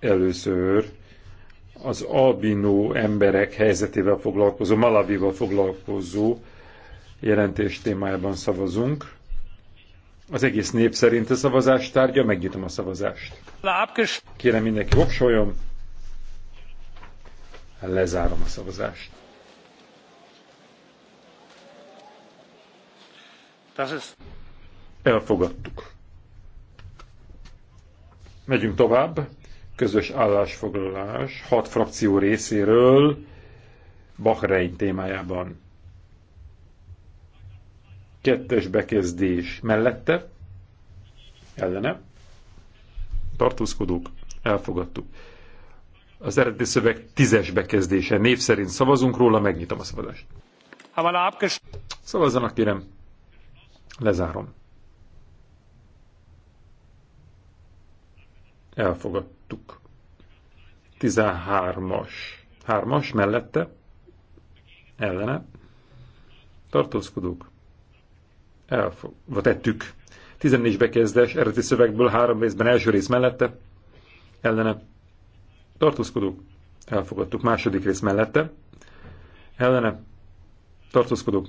először az albinó emberek helyzetével foglalkozó, Malavival foglalkozó jelentés témájában szavazunk. Az egész nép szerint a szavazás tárgya, megnyitom a szavazást. Kérem mindenki voksoljon. Lezárom a szavazást. Elfogadtuk. Megyünk tovább közös állásfoglalás hat frakció részéről Bahrein témájában. Kettes bekezdés mellette, ellene, tartózkodók, elfogadtuk. Az eredeti szöveg tízes bekezdése. Név szerint szavazunk róla, megnyitom a szavazást. Szavazzanak, kérem. Lezárom. Elfogadtuk láttuk. 13-as. 3-as mellette, ellene, tartózkodók, vagy tettük. 14 bekezdés, eredeti szövegből három részben első rész mellette, ellene, tartózkodók, elfogadtuk. Második rész mellette, ellene, tartózkodók,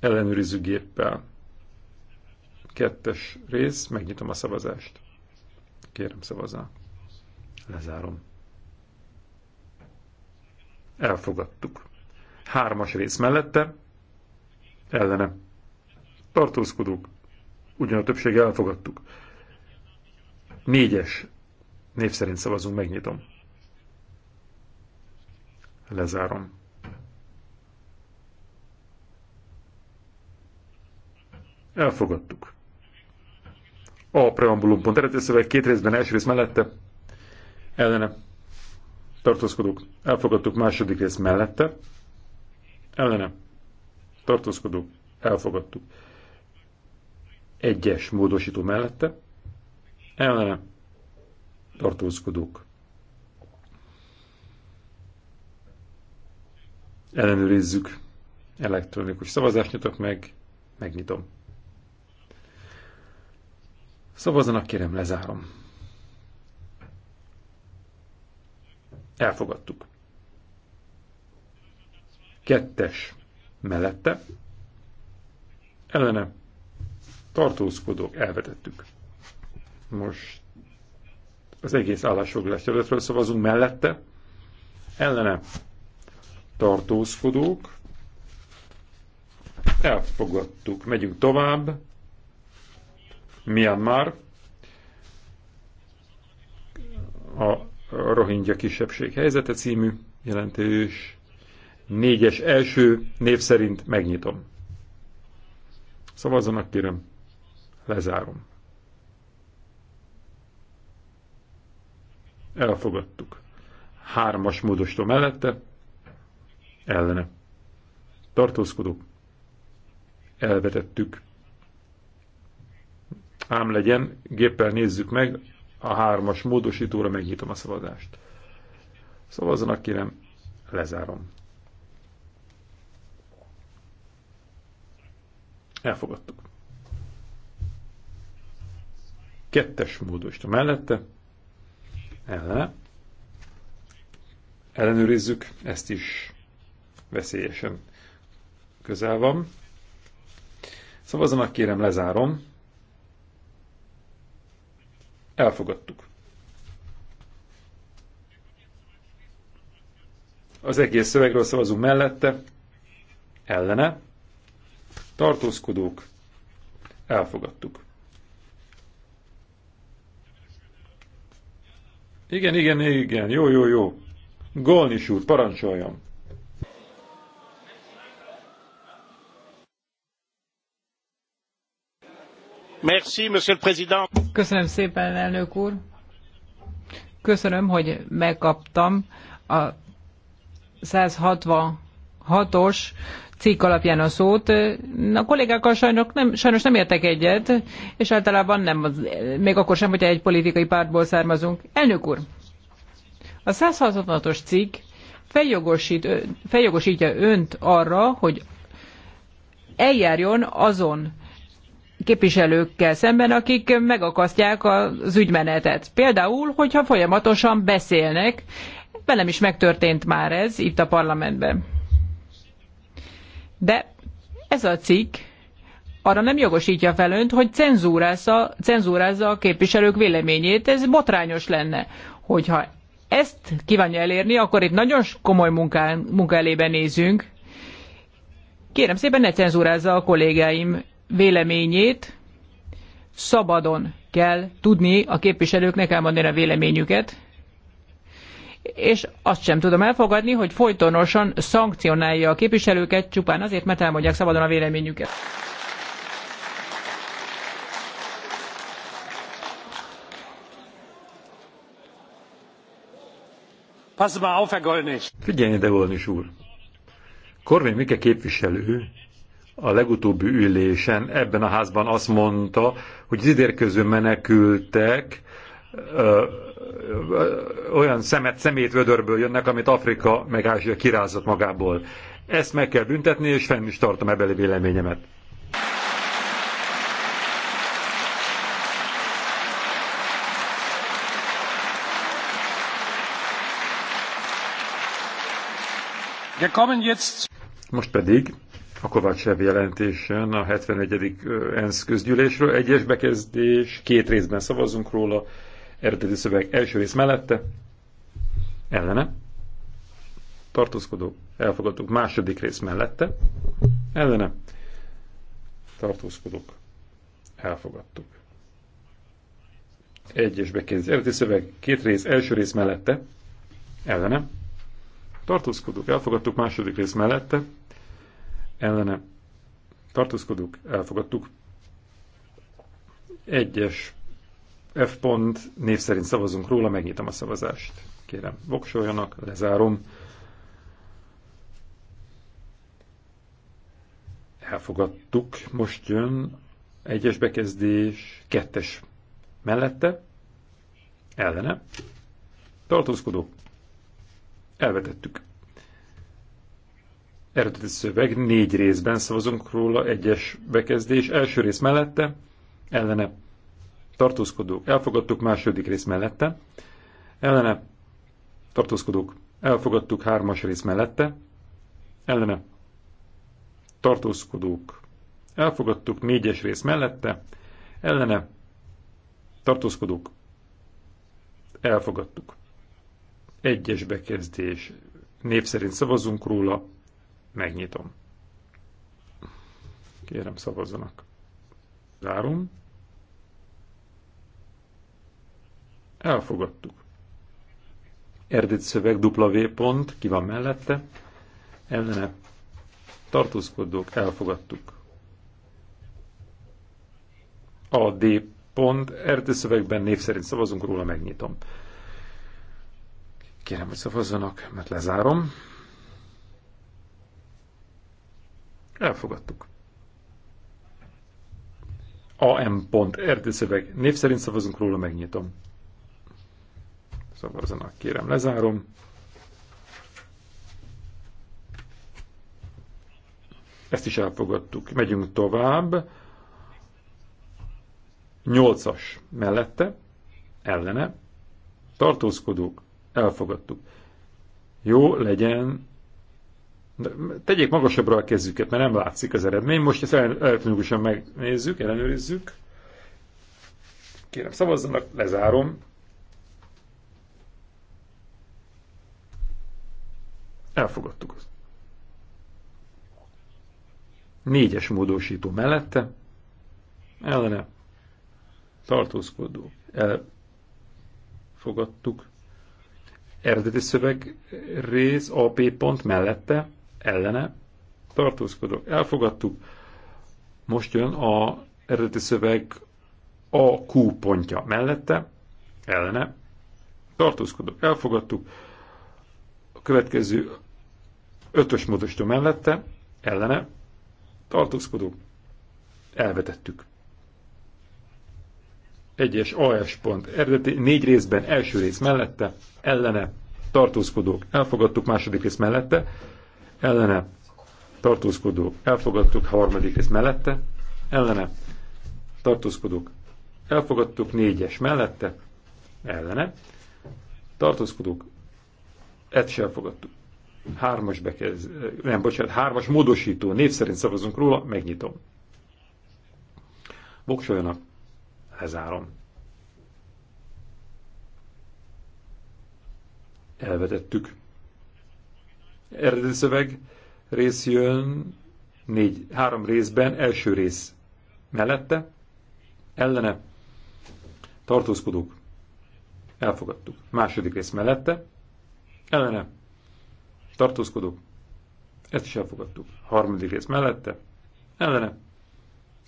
Ellenőrizzük géppel. Kettes rész, megnyitom a szavazást. Kérem szavazzá. Lezárom. Elfogadtuk. Hármas rész mellette, ellene. Tartózkodók. Ugyan a többség elfogadtuk. Négyes. Név szerint szavazunk, megnyitom. Lezárom. Elfogadtuk. A preambulum pont eredeti szöveg két részben, első rész mellette, ellene tartózkodók, elfogadtuk második rész mellette, ellene tartózkodók, elfogadtuk egyes módosító mellette, ellene tartózkodók. Ellenőrizzük. Elektronikus szavazást nyitok meg, megnyitom. Szavazzanak, kérem, lezárom. Elfogadtuk. Kettes mellette. Ellene tartózkodók elvetettük. Most az egész állásfoglalás területről szavazunk mellette. Ellene tartózkodók elfogadtuk. Megyünk tovább. Myanmar, a Rohingya kisebbség helyzete című jelentős négyes első név szerint megnyitom. Szavazzanak, kérem. Lezárom. Elfogadtuk. Hármas módostó mellette, ellene. Tartózkodó. Elvetettük. Ám legyen, géppel nézzük meg, a hármas módosítóra megnyitom a szavazást. Szavazzanak kérem, lezárom. Elfogadtuk. Kettes módosító mellette, ellene. Ellenőrizzük, ezt is veszélyesen közel van. Szavazzanak kérem, lezárom. Elfogadtuk. Az egész szövegről szavazunk mellette, ellene, tartózkodók, elfogadtuk. Igen, igen, igen, jó, jó, jó. Golnis úr, parancsoljon! Köszönöm szépen, elnök úr. Köszönöm, hogy megkaptam a 166-os cikk alapján a szót. A kollégákkal sajnos nem, sajnos nem értek egyet, és általában nem, még akkor sem, hogyha egy politikai pártból származunk. Elnök úr, a 166-os cikk feljogosít, feljogosítja önt arra, hogy eljárjon azon képviselőkkel szemben, akik megakasztják az ügymenetet. Például, hogyha folyamatosan beszélnek, velem is megtörtént már ez itt a parlamentben. De ez a cikk arra nem jogosítja fel önt, hogy cenzúrázza, cenzúrázza a képviselők véleményét. Ez botrányos lenne, hogyha ezt kívánja elérni, akkor itt nagyon komoly munkán, munka elébe nézünk. Kérem szépen ne cenzúrázza a kollégáim véleményét szabadon kell tudni a képviselőknek elmondani a véleményüket, és azt sem tudom elfogadni, hogy folytonosan szankcionálja a képviselőket csupán azért, mert elmondják szabadon a véleményüket. Pass mal auf, Herr Figyelj ide, úr! Korvin Mike képviselő a legutóbbi ülésen ebben a házban azt mondta, hogy az idérkező menekültek ö, ö, olyan szemet, szemét vödörből jönnek, amit Afrika meg Ázsia kirázott magából. Ezt meg kell büntetni, és fenn is tartom ebeli véleményemet. Most pedig a Kovácsev jelentésen a 71. ENSZ közgyűlésről. Egyes bekezdés, két részben szavazunk róla, eredeti szöveg első rész mellette, ellene, tartózkodó, elfogadtuk második rész mellette, ellene, tartózkodók, elfogadtuk. Egyes bekezdés, eredeti szöveg, két rész, első rész mellette, ellene, tartózkodók, elfogadtuk második rész mellette, ellene tartózkodók elfogadtuk. Egyes F pont név szerint szavazunk róla, megnyitom a szavazást. Kérem, voksoljanak, lezárom. Elfogadtuk, most jön egyes bekezdés, kettes mellette, ellene, tartózkodó, elvetettük eredeti szöveg, négy részben szavazunk róla, egyes bekezdés, első rész mellette, ellene tartózkodók, elfogadtuk, második rész mellette, ellene tartózkodók, elfogadtuk, hármas rész mellette, ellene tartózkodók, elfogadtuk, négyes rész mellette, ellene tartózkodók, elfogadtuk. Egyes bekezdés, név szerint szavazunk róla, Megnyitom. Kérem szavazzanak. Zárom. Elfogadtuk. Erdőt szöveg W pont, ki van mellette, ellene tartózkodók, elfogadtuk. A D pont, erdőt szövegben név szerint szavazunk róla, megnyitom. Kérem, hogy szavazzanak, mert lezárom. Elfogadtuk. AM pont, erdőszöveg. Név szerint szavazunk róla, megnyitom. Szavazzanak, kérem, lezárom. Ezt is elfogadtuk. Megyünk tovább. 8-as mellette, ellene, tartózkodók, elfogadtuk. Jó legyen Tegyék magasabbra a kezüket, mert nem látszik az eredmény. Most ezt elektronikusan megnézzük, ellenőrizzük. Kérem, szavazzanak, lezárom. Elfogadtuk azt. Négyes módosító mellette, ellene tartózkodó. Elfogadtuk. Eredeti szöveg rész AP pont mellette, ellene tartózkodok, elfogadtuk. Most jön a eredeti szöveg a Q pontja mellette, ellene tartózkodok, elfogadtuk. A következő ötös módosító mellette, ellene tartózkodok, elvetettük. Egyes AS pont eredeti négy részben első rész mellette, ellene tartózkodók, elfogadtuk második rész mellette, ellene tartózkodók, elfogadtuk harmadik rész mellette, ellene tartózkodók, elfogadtuk négyes mellette, ellene tartózkodók, ezt sem elfogadtuk. Hármas bekez, nem, bocsánat, hármas módosító, név szerint szavazunk róla, megnyitom. Boksoljanak, lezárom. Elvetettük. Eredeti szöveg rész jön négy, három részben, első rész mellette, ellene, tartózkodók, elfogadtuk. Második rész mellette, ellene, tartózkodók, ezt is elfogadtuk. Harmadik rész mellette, ellene,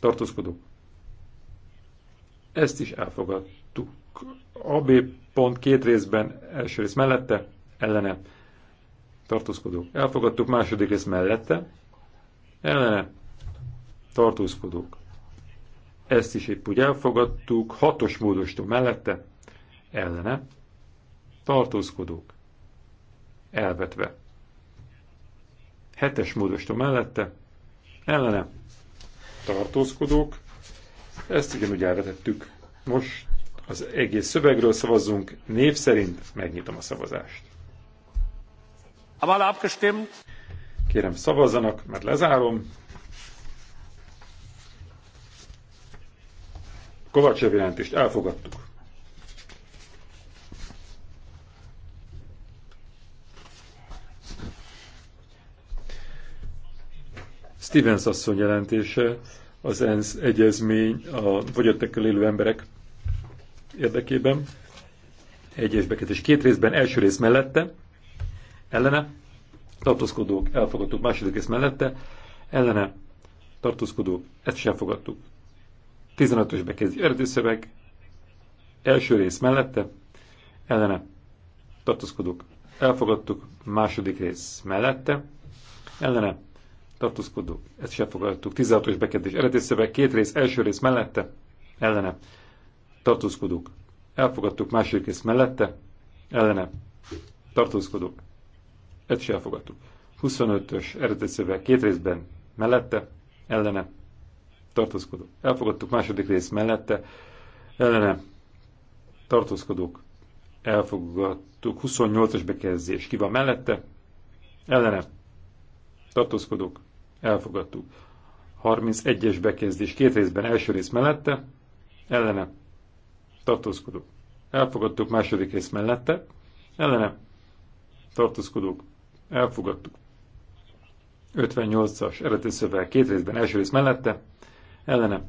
tartózkodók, ezt is elfogadtuk. AB pont két részben, első rész mellette, ellene, tartózkodó. Elfogadtuk második rész mellette, ellene tartózkodók. Ezt is épp úgy elfogadtuk, hatos módosító mellette, ellene tartózkodók. Elvetve. Hetes módosító mellette, ellene tartózkodók. Ezt úgy elvetettük. Most az egész szövegről szavazzunk, név szerint megnyitom a szavazást. Kérem szavazzanak, mert lezárom. Kovácsev jelentést elfogadtuk. Stevens asszony jelentése, az ENSZ egyezmény a fogyottakkal élő emberek érdekében. Egyes bekezdés két részben, első rész mellette ellene, tartózkodók, elfogadtuk második rész mellette, ellene, tartózkodók, ezt sem fogadtuk. 15-ös bekezdés eredőszöveg, első rész mellette, ellene, tartózkodók, elfogadtuk, második rész mellette, ellene, tartózkodók, ezt sem fogadtuk. 16-os bekezdés eredőszöveg, két rész, első rész mellette, ellene, tartózkodók, elfogadtuk, második rész mellette, ellene, tartózkodók, ezt is elfogadtuk. 25-ös eredeti szöveg két részben mellette, ellene, tartózkodók. Elfogadtuk második rész mellette, ellene, tartózkodók. Elfogadtuk 28-as bekezdés. Ki van mellette? Ellene, tartózkodók. Elfogadtuk. 31-es bekezdés két részben első rész mellette, ellene, tartózkodók. Elfogadtuk második rész mellette, ellene, tartózkodók Elfogadtuk. 58-as eredeti szöveg két részben, első rész mellette, ellene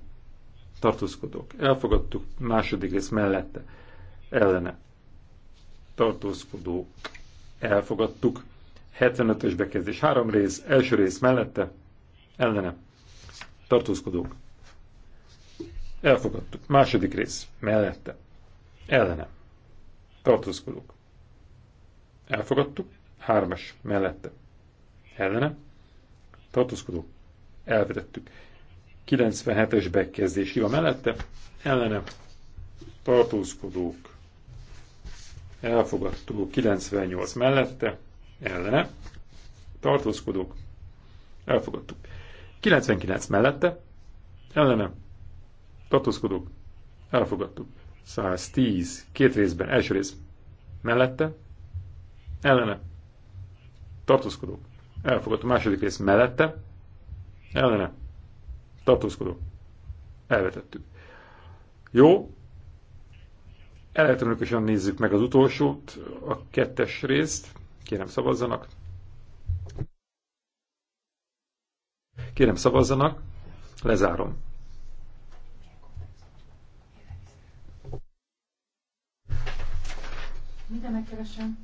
tartózkodók. Elfogadtuk második rész mellette, ellene tartózkodók. Elfogadtuk 75-ös bekezdés három rész, első rész mellette, ellene tartózkodók. Elfogadtuk. Második rész mellette, ellene tartózkodók. Elfogadtuk. Hármas mellette. Ellene. Tartózkodó? Elvetettük. 97-es bekezdés. a van mellette? Ellene. Tartózkodók. Elfogadtuk. 98 mellette. Ellene. Tartózkodók. Elfogadtuk. 99 mellette. Ellene. Tartózkodók. Elfogadtuk. 110. Két részben. Első rész. Mellette. Ellene tartózkodó. elfogadott a második rész mellette, ellene, tartózkodó. elvetettük. Jó, elektronikusan nézzük meg az utolsót, a kettes részt, kérem szavazzanak. Kérem szavazzanak, lezárom. Minden megkeresem.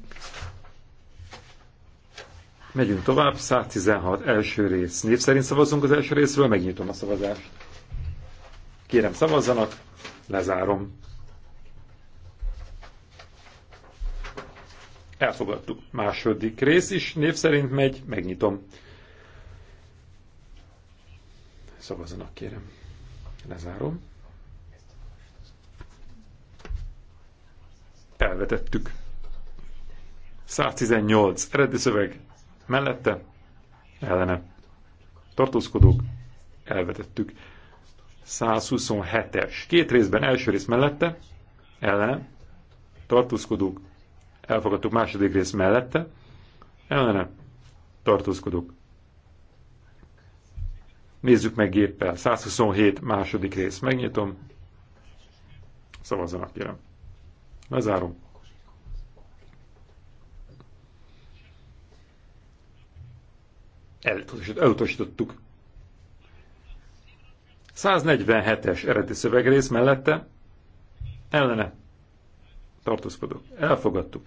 Megyünk tovább, 116 első rész. Név szerint szavazunk az első részről, megnyitom a szavazást. Kérem szavazzanak, lezárom. Elfogadtuk. Második rész is név szerint megy, megnyitom. Szavazzanak, kérem. Lezárom. Elvetettük. 118. Eredeti szöveg mellette, ellene tartózkodók, elvetettük. 127-es. Két részben, első rész mellette, ellene, tartózkodók, elfogadtuk második rész mellette, ellene, tartózkodók. Nézzük meg géppel. 127 második rész. Megnyitom. Szavazzanak, kérem. Lezárom. elutasítottuk. 147-es eredeti szövegrész mellette ellene tartózkodok, Elfogadtuk.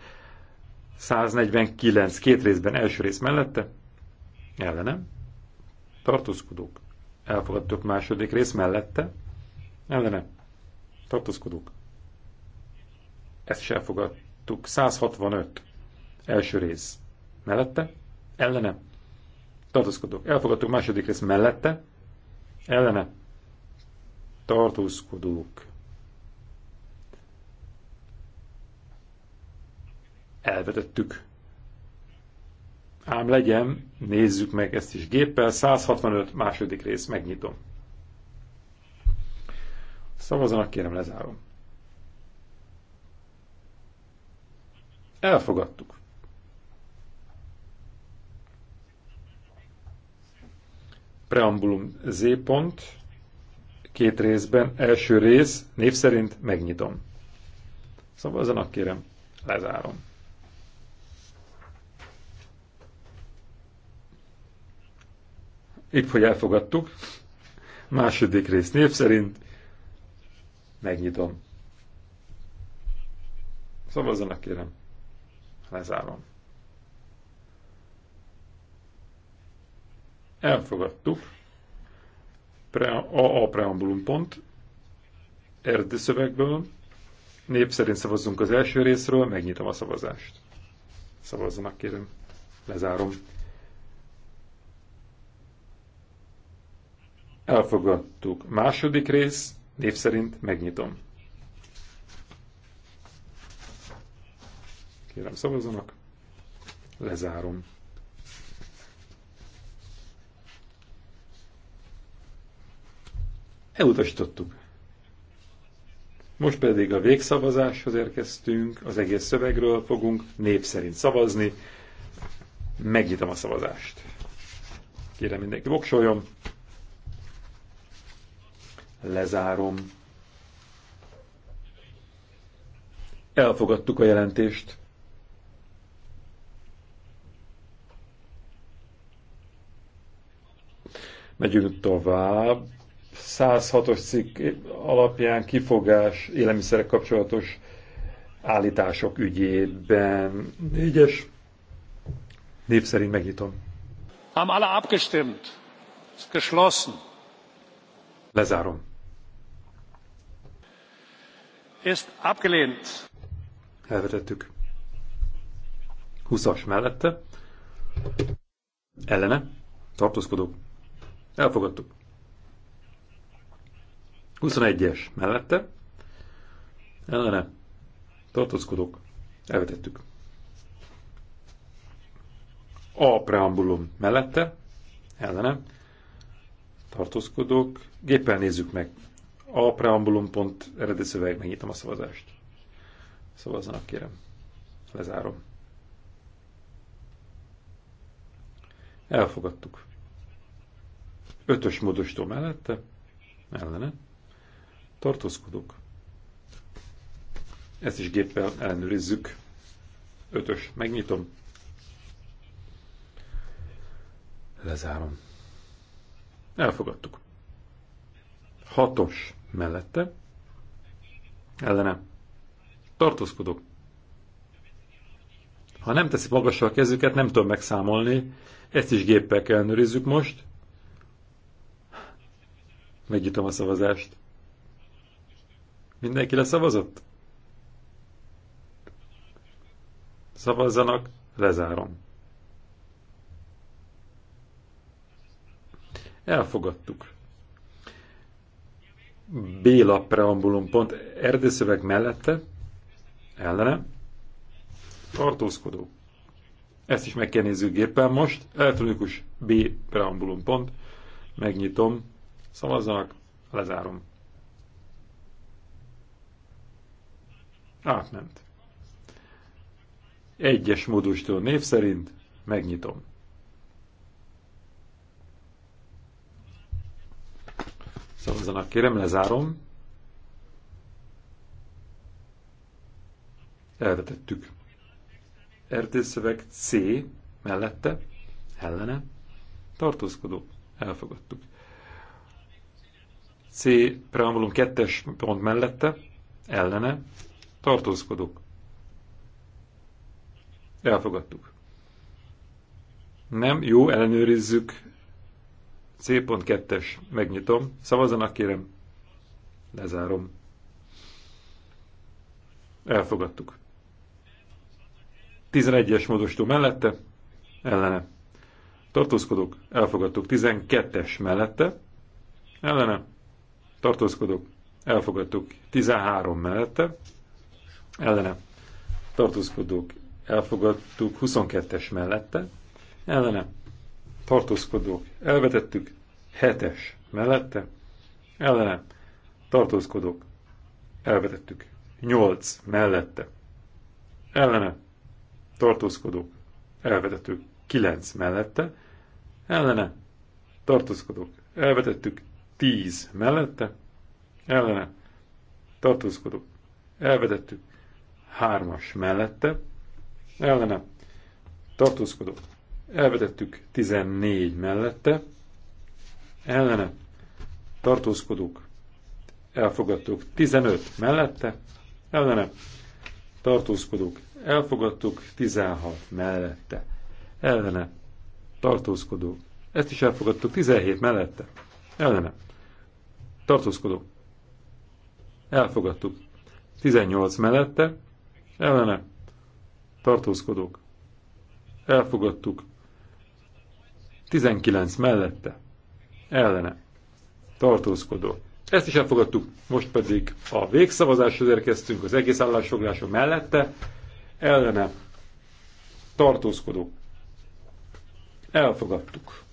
149 két részben első rész mellette ellene tartózkodók. Elfogadtuk második rész mellette ellene tartózkodók. Ezt is elfogadtuk. 165 első rész mellette ellene tartózkodok. elfogadtuk, második rész mellette, ellene tartózkodók elvetettük. Ám legyen, nézzük meg ezt is géppel, 165 második rész, megnyitom. Szavazanak, kérem, lezárom. Elfogadtuk. Preambulum Z pont, két részben, első rész, név szerint megnyitom. Szavazzanak kérem, lezárom. Épp, hogy elfogadtuk. Második rész név szerint megnyitom. Szavazzanak kérem. Lezárom. Elfogadtuk. Pre, a, a preambulum pont. Eredeti szövegből. Nép szerint szavazzunk az első részről, megnyitom a szavazást. Szavazzanak, kérem. Lezárom. Elfogadtuk. Második rész, név szerint megnyitom. Kérem, szavazzanak. Lezárom. Elutasítottuk. Most pedig a végszavazáshoz érkeztünk, az egész szövegről fogunk név szerint szavazni. Megnyitom a szavazást. Kérem mindenki voksoljon. Lezárom. Elfogadtuk a jelentést. Megyünk tovább. 106-os cikk alapján kifogás élelmiszerek kapcsolatos állítások ügyében. Négyes név szerint megnyitom. Haben alle abgestimmt. Ist geschlossen. Lezárom. Ist abgelehnt. Elvetettük. 20-as mellette. Ellene. Tartózkodó. Elfogadtuk. 21-es mellette. Ellene. Tartózkodok. Elvetettük. A preambulum mellette. Ellene. Tartózkodok. Géppel nézzük meg. A preambulum pont eredeti szöveg. Megnyitom a szavazást. Szavazzanak kérem. Lezárom. Elfogadtuk. Ötös módostó mellette. Ellene tartózkodók. Ezt is géppel ellenőrizzük. Ötös, megnyitom. Lezárom. Elfogadtuk. Hatos mellette. Ellene. Tartózkodok. Ha nem teszi magasra a kezüket, nem tudom megszámolni. Ezt is géppel kell most. Megnyitom a szavazást. Mindenki leszavazott? Szavazzanak, lezárom. Elfogadtuk. Béla preambulum pont erdőszöveg mellette, ellene, tartózkodó. Ezt is meg kell nézzük géppel most. Elektronikus B preambulum pont. Megnyitom, szavazzanak, lezárom. Átment. Egyes módustól név szerint megnyitom. Szavazzanak kérem, lezárom. Elvetettük. Erdőszöveg C mellette, ellene, tartózkodó, elfogadtuk. C preambulum 2-es pont mellette, ellene, tartózkodók. Elfogadtuk. Nem, jó, ellenőrizzük. C.2-es, megnyitom. Szavazanak kérem. Lezárom. Elfogadtuk. 11-es módosító mellette, ellene. Tartózkodók, elfogadtuk. 12-es mellette, ellene. Tartózkodók, elfogadtuk. 13 mellette, ellene tartózkodók elfogadtuk 22-es mellette, ellene tartózkodók elvetettük 7-es mellette, ellene tartózkodók elvetettük 8 mellette, ellene tartózkodók elvetettük 9 mellette, ellene tartózkodók elvetettük 10 mellette, ellene tartózkodók elvetettük 3-as mellette, ellene tartózkodó, elvetettük 14 mellette, ellene tartózkodók elfogadtuk 15 mellette, ellene tartózkodók elfogadtuk 16 mellette, ellene tartózkodó, ezt is elfogadtuk 17 mellette, ellene tartózkodó, elfogadtuk 18 mellette, ellene tartózkodók elfogadtuk 19 mellette ellene tartózkodó. Ezt is elfogadtuk, most pedig a végszavazáshoz érkeztünk, az egész állásfoglalása mellette ellene tartózkodó. Elfogadtuk.